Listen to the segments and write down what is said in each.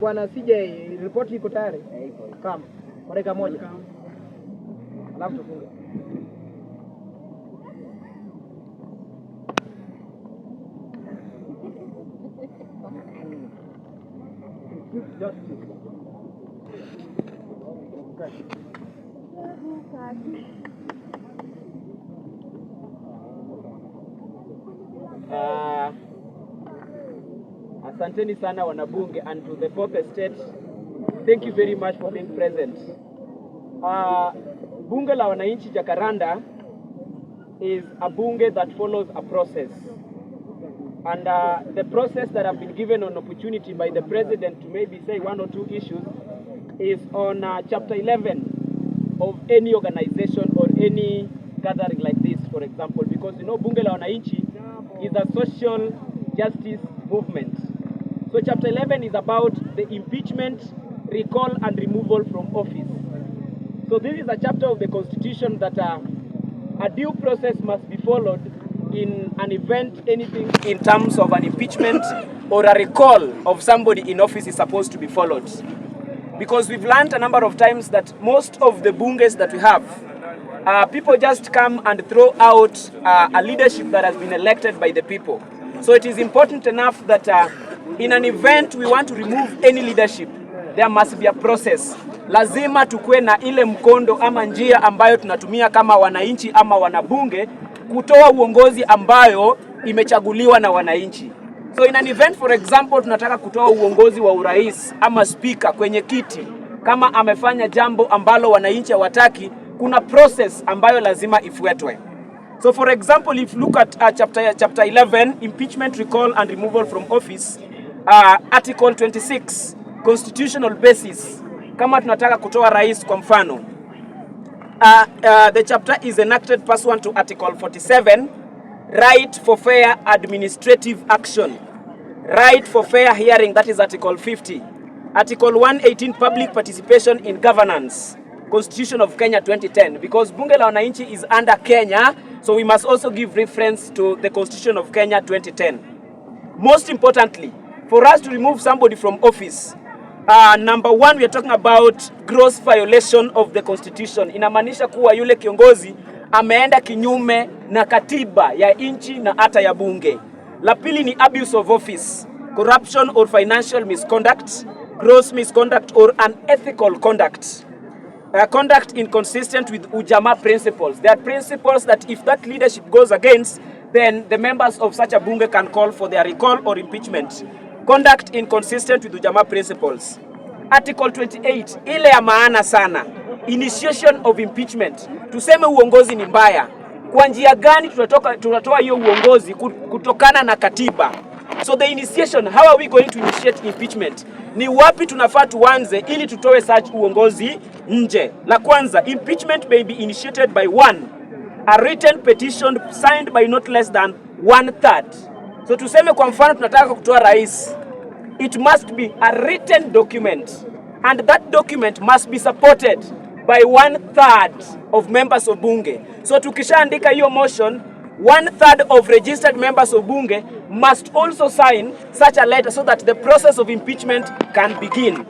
Bwana CJ, ripoti iko tayari kama kwa dakika moja, alafu tufunge. Justice. Asanteni sana wanabunge and to the fourth estate. Thank you very much for being present. Uh, bunge la wananchi Jacaranda is a bunge that follows a process. And uh, the process that I've been given an opportunity by the president to maybe say one or two issues is on uh, chapter 11 of any organization or any gathering like this, for example, because you know Bunge la Wananchi is a social justice movement. So chapter 11 is about the impeachment, recall and removal from office. So this is a chapter of the constitution that uh, a due process must be followed in an event anything in terms of an impeachment or a recall of somebody in office is supposed to be followed. Because we've learned a number of times that most of the bunges that we have, uh, people just come and throw out uh, a leadership that has been elected by the people. So it is important enough that uh, in an event we want to remove any leadership there must be a process. Lazima tukue na ile mkondo ama njia ambayo tunatumia kama wananchi ama wanabunge kutoa uongozi ambayo imechaguliwa na wananchi. So in an event for example, tunataka kutoa uongozi wa urais ama spika kwenye kiti, kama amefanya jambo ambalo wananchi hawataki, kuna process ambayo lazima ifuatwe. So for example if look at uh, chapter, chapter 11 impeachment recall and removal from office uh, Article 26 constitutional basis kama tunataka kutoa rais kwa mfano uh, uh, the chapter is enacted pursuant to article 47 right for fair administrative action right for fair hearing that is article 50 article 118 public participation in governance constitution of Kenya 2010 because bunge la wananchi is under Kenya so we must also give reference to the constitution of Kenya 2010 most importantly for us to remove somebody from office Uh, number one we are talking about gross violation of the constitution. Inamaanisha kuwa yule kiongozi ameenda kinyume na katiba ya nchi na hata ya bunge. La pili ni abuse of office, corruption or financial misconduct, gross misconduct or unethical conduct. Uh, conduct inconsistent with Ujamaa principles. There are principles that if that leadership goes against, then the members of such a bunge can call for their recall or impeachment conduct inconsistent with ujamaa principles. Article 28 ile ya maana sana, initiation of impeachment. Tuseme uongozi ni mbaya, kwa njia gani tutatoka tutatoa hiyo uongozi kutokana na katiba? So the initiation, how are we going to initiate impeachment? Ni wapi tunafaa tuanze ili tutoe such uongozi nje? La kwanza, impeachment may be initiated by one a written petition signed by not less than one third. So tuseme kwa mfano tunataka kutoa rais it must be a written document and that document must be supported by one third of members of bunge. So tukishaandika hiyo motion, one third of registered members of bunge must also sign such a letter so that the process of impeachment can begin.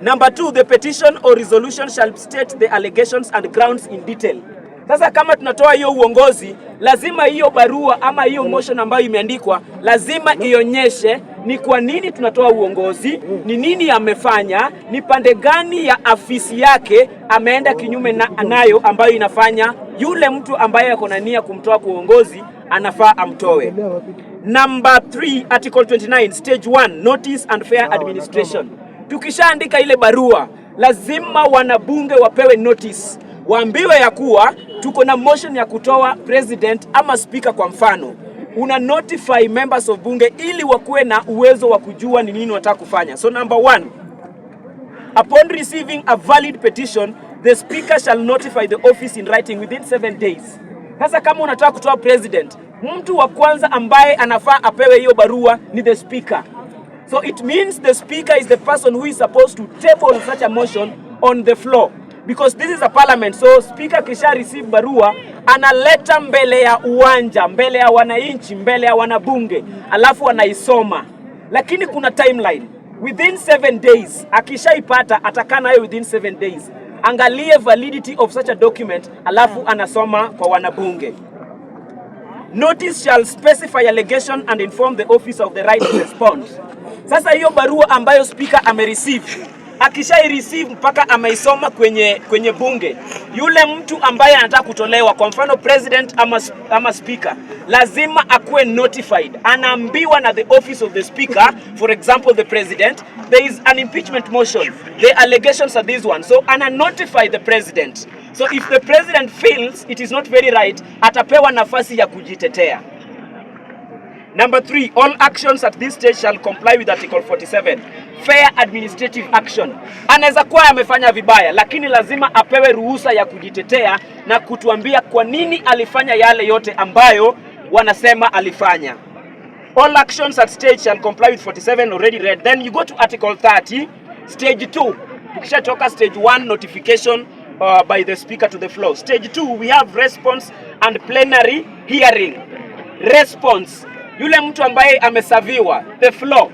Number two, the petition or resolution shall state the allegations and grounds in detail. Sasa kama tunatoa hiyo uongozi, lazima hiyo barua ama hiyo motion ambayo imeandikwa lazima ionyeshe ni kwa nini tunatoa uongozi, ni nini amefanya, ni pande gani ya afisi yake ameenda kinyume na nayo ambayo inafanya yule mtu ambaye ako na nia kumtoa kwa uongozi anafaa amtoe. Number 3 article 29 stage 1 notice and fair administration. Tukishaandika ile barua, lazima wanabunge wapewe notice, waambiwe ya kuwa tuko na motion ya kutoa president ama speaker kwa mfano una notify members of bunge ili wakuwe na uwezo wa kujua ni nini wataka kufanya. So number one, upon receiving a valid petition the speaker shall notify the office in writing within seven days. Sasa kama unataka kutoa president, mtu wa kwanza ambaye anafaa apewe hiyo barua ni the speaker. So it means the speaker is the person who is supposed to table such a motion on the floor because this is a parliament. So speaker kisha receive barua analeta mbele ya uwanja, mbele ya wananchi, mbele ya wanabunge, alafu anaisoma, lakini kuna timeline within 7 days. Akishaipata atakaa nayo within 7 days, angalie validity of such a document, alafu anasoma kwa wanabunge. Notice shall specify allegation and inform the office of the right to respond. Sasa hiyo barua ambayo spika amereceive akishai receive mpaka ameisoma kwenye, kwenye bunge, yule mtu ambaye anataka kutolewa, kwa mfano president ama, ama speaker, lazima akuwe notified, anaambiwa na the office of the speaker, for example the president, there is an impeachment motion, the allegations are this one, so ana notify the president. So if the president feels it is not very right, atapewa nafasi ya kujitetea. Number three, all actions at this stage shall comply with article 47. Fair administrative action. Anaweza kuwa amefanya vibaya, lakini lazima apewe ruhusa ya kujitetea na kutuambia kwa nini alifanya yale yote ambayo wanasema alifanya. All actions at stage shall comply with 47 already read. Then you go to article 30, stage 2. Tukishatoka stage 1 notification uh, by the speaker to the floor. Stage 2 we have response and plenary hearing. Response yule mtu ambaye amesaviwa the floor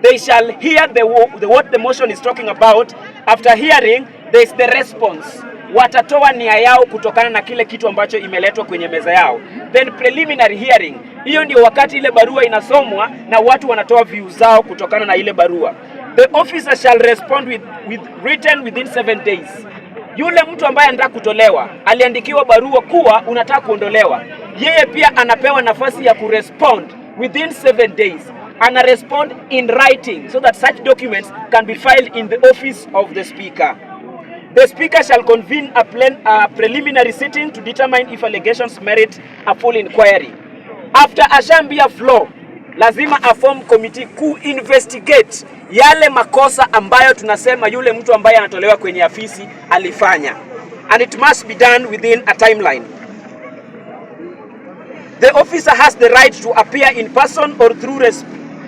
they shall hear the, the what the motion is talking about after hearing there is the response watatoa nia yao kutokana na kile kitu ambacho imeletwa kwenye meza yao, then preliminary hearing. Hiyo ndio wakati ile barua inasomwa na watu wanatoa view zao kutokana na ile barua. The officer shall respond with, with written within seven days. Yule mtu ambaye anataka kutolewa aliandikiwa barua kuwa unataka kuondolewa, yeye pia anapewa nafasi ya kurespond within seven days and a respond in writing so that such documents can be filed in the office of the Speaker. The Speaker shall convene a, plen a preliminary sitting to determine if allegations merit a full inquiry. After a shambia floor, lazima a form committee ku investigate yale makosa ambayo tunasema yule mtu ambaye anatolewa kwenye afisi alifanya and it must be done within a timeline. The officer has the right to appear in person or through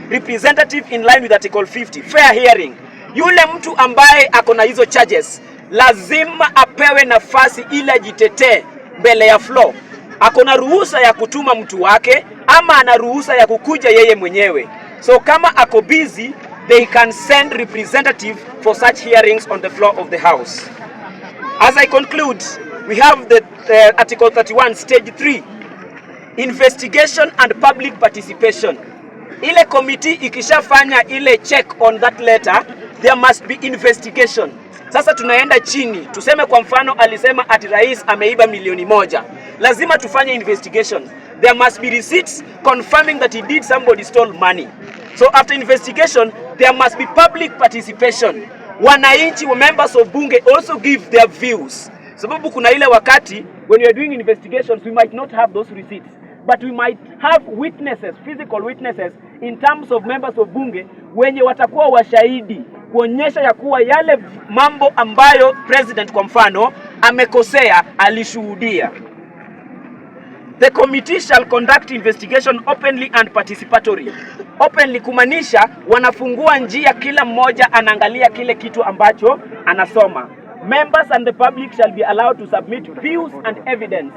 representative in line with article 50 fair hearing. Yule mtu ambaye ako na hizo charges lazima apewe nafasi ili ajitetee mbele ya floor. Ako na ruhusa ya kutuma mtu wake ama ana ruhusa ya kukuja yeye mwenyewe. So kama ako busy they can send representative for such hearings on the floor of the house. As I conclude, we have the uh, article 31 stage 3 investigation and public participation. Ile komiti ikishafanya ile check on that letter, there must be investigation. Sasa tunaenda chini, tuseme kwa mfano alisema ati rais ameiba milioni moja, lazima tufanye investigation. There must be receipts confirming that he did somebody stole money. So after investigation there must be public participation. Wananchi wa members of bunge also give their views, sababu kuna ile wakati when you are doing investigations we might not have those receipts but we might have witnesses, physical witnesses in terms of members of bunge wenye watakuwa washahidi kuonyesha ya kuwa yale mambo ambayo president kwa mfano amekosea alishuhudia. The committee shall conduct investigation openly and participatory. Openly kumaanisha wanafungua njia, kila mmoja anaangalia kile kitu ambacho anasoma. Members and the public shall be allowed to submit views and evidence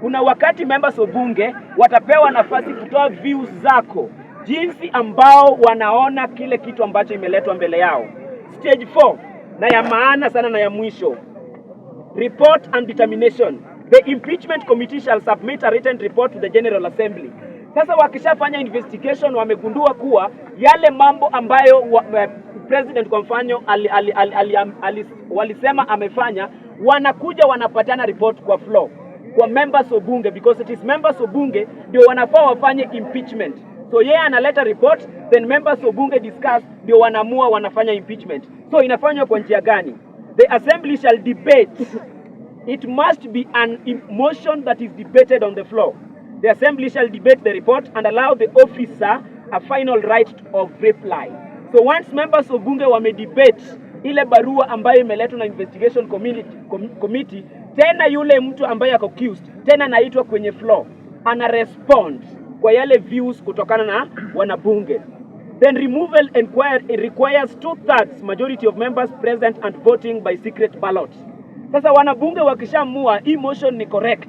kuna wakati members wa bunge watapewa nafasi kutoa views zako, jinsi ambao wanaona kile kitu ambacho imeletwa mbele yao. Stage 4 na ya maana sana na ya mwisho, report and determination. The impeachment committee shall submit a written report to the General Assembly. Sasa wakishafanya investigation, wamegundua kuwa yale mambo ambayo wa, wa, eh, president kwa mfano ali, ali, ali, ali, ali, walisema amefanya, wanakuja wanapatana report kwa floor kwa members of bunge because it is members of bunge ndio wanafaa wafanye impeachment. So yeye yeah, analeta report then members of bunge discuss, ndio wanamua wanafanya impeachment. So inafanywa kwa njia gani? The assembly shall debate it must be an motion that is debated on the floor. The assembly shall debate the report and allow the officer a final right of reply. So once members of bunge wame debate ile barua ambayo imeletwa na investigation committee, com committee tena yule mtu ambaye ako accused tena anaitwa kwenye floor, ana respond kwa yale views kutokana na wanabunge. Then removal inquiry requires two thirds majority of members present and voting by secret ballot. Sasa wanabunge wakishamua hii motion ni correct,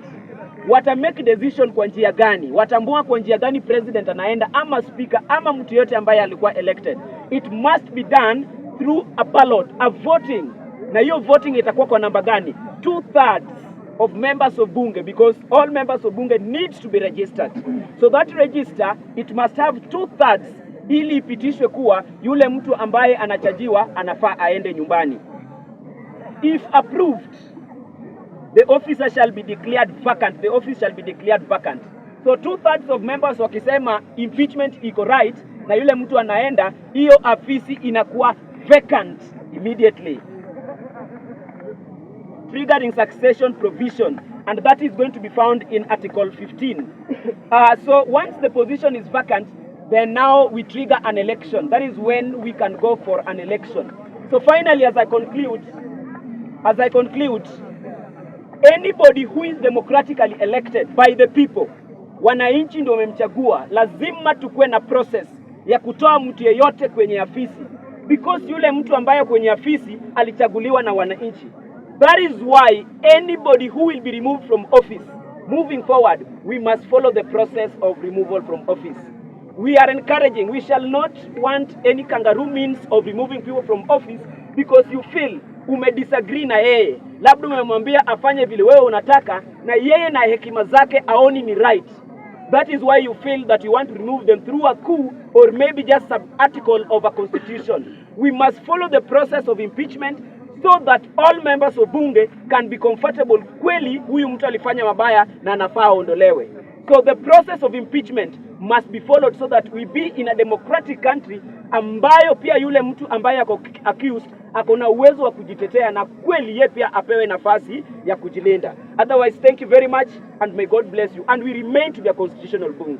wata make decision kwa njia gani? watambua kwa njia gani president anaenda ama speaker ama mtu yote ambaye alikuwa elected. It must be done through a ballot, a voting, na hiyo voting itakuwa kwa namba gani? two thirds of members of bunge because all members of bunge need to be registered so that register it must have two thirds ili ipitishwe kuwa yule mtu ambaye anachajiwa anafaa aende nyumbani. If approved the officer shall be declared vacant, the office shall be declared vacant. So two thirds of members wakisema impeachment iko right na yule mtu anaenda, hiyo afisi inakuwa vacant immediately triggering succession provision and that is going to be found in Article 15. Uh, so once the position is vacant, then now we trigger an election. That is when we can go for an election. So finally, as I conclude, as I conclude, anybody who is democratically elected by the people, wananchi ndio wamemchagua, lazima tukuwe na process ya kutoa mtu yeyote kwenye afisi, because yule mtu ambaye kwenye afisi alichaguliwa na wananchi. That is why anybody who will be removed from office, moving forward, we must follow the process of removal from office. We are encouraging, we shall not want any kangaroo means of removing people from office because you feel umedisagree na yeye, labda umemwambia afanye vile wewe unataka, na yeye na hekima zake aoni ni right. That is why you feel that you want to remove them through a coup or maybe just some article of a constitution. We must follow the process of impeachment so that all members of bunge can be comfortable, kweli huyu mtu alifanya mabaya na anafaa aondolewe. So the process of impeachment must be followed so that we be in a democratic country ambayo pia yule mtu ambaye ako accused ako na uwezo wa kujitetea na kweli ye pia apewe nafasi ya kujilinda. Otherwise, thank you very much and may God bless you and we remain to be a constitutional bunge.